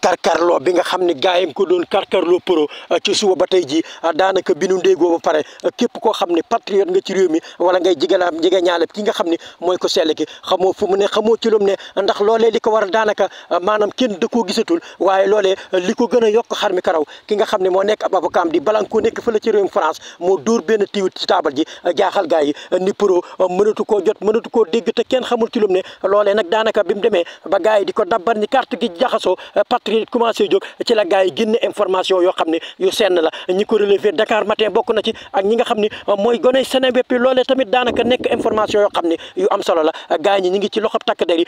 karkarloo bi nga xam ne gars yi ko doon karkarloo pro euh, ci suba ba tey ji euh, daanaka bi nu ndéegoo ba pare euh, képp koo xam ne patriote nga ci réew mi wala ngay jigéenaam jigéen ñaale ki nga xam ni mooy ko sell ki xamoo fu mu ne xamoo ci lum ne ndax loolee li ko waral daanaka maanaam kenn da koo gisatul waaye loolee li ko gën a yokk xar mi karaw ki nga xam ne moo nekk ab avocat am di balankoo nekk fële ci réewum France moo dóor benn tiw ci taabal ji jaaxal gars yi ni pro mënatu koo jot mënatu koo dégg te kenn xamul ci lum nag daanaka bi mu demee ba gars yi di ko dabbar batterie commencé jóg ci la gars yi génne information yoo xam ne yu senn la ñi ko relevé Dakar matin bokk na ci ak ñi nga xam ni am solo ko mi ngi ci loxoy takk der yi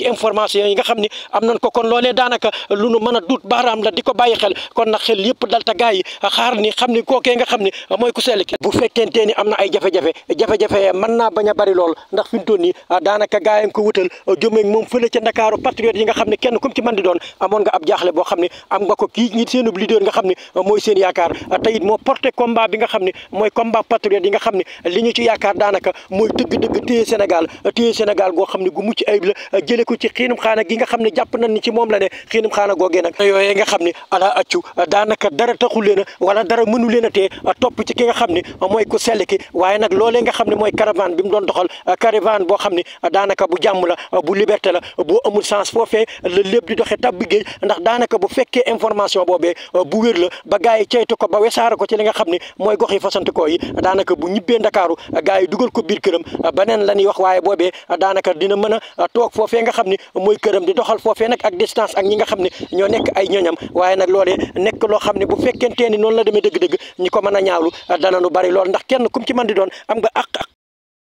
yi nga xam ne am nañ kon loolee daanaka lu nu mën a baaraam la di ko bàyyi xel kon nag xel yëpp dal ta gaay yi xaar ni xam ni kookee nga xam ni mooy ku sell ki bu fekkentee ni am na ay jafe-jafe jafe-jafe mën naa bañ a bari lool ndax fi mu toll nii ah, daanaka gaayam ko wutal ah, jëmeeg moom fële ca Ndakaaru yi nga xam ne kenn kum ci mën di doon amoon nga ab jaaxle boo xam ne am nga ko kii ñi seenub leader nga xam ne ah, mooy seen yaakaar te it moo porté combat bi nga xam ne mooy combat patriote yi nga xam ne li ñu ci yaakaar daanaka mooy dëgg-dëgg téye Sénégal téye Sénégal goo xam ne gu mucc ayib la jële ko ci xiinum xaana gi nga xam ne jàpp nañ ni ci moom la ne xiinum xaana googee nag yooyee nga xam ne tàccu daanaka dara taxu leen a wala dara mënu leen a tee topp ci ki nga xam ne mooy ku sell waaye nag loolee nga xam ne mooy caravane bi mu doon doxal caravane boo xam ne daanaka bu jàmm la bu liberté la bu amul sens foofee la lépp di doxee tab bi ndax daanaka bu fekkee information boobee bu wér la ba gars yi ceytu ko ba wesaara ko ci li nga xam ne mooy gox yi fasantikoo yi daanaka bu ñibbee ndakaaru gars yi dugal ko biir këram beneen la ñuy wax waaye boobee daanaka dina mën a toog foofee nga xam ne mooy këram di doxal foofee nag ak distance ak ñi nga xam ne ñoo nekk ay ñoñam waaye nekk loo xam ne bu fekkentee ni noonu la demee dëgg-dëgg ñi ko mën a ñaawlu dana nu bari lool ndax kenn kum ci mën di doon am nga àq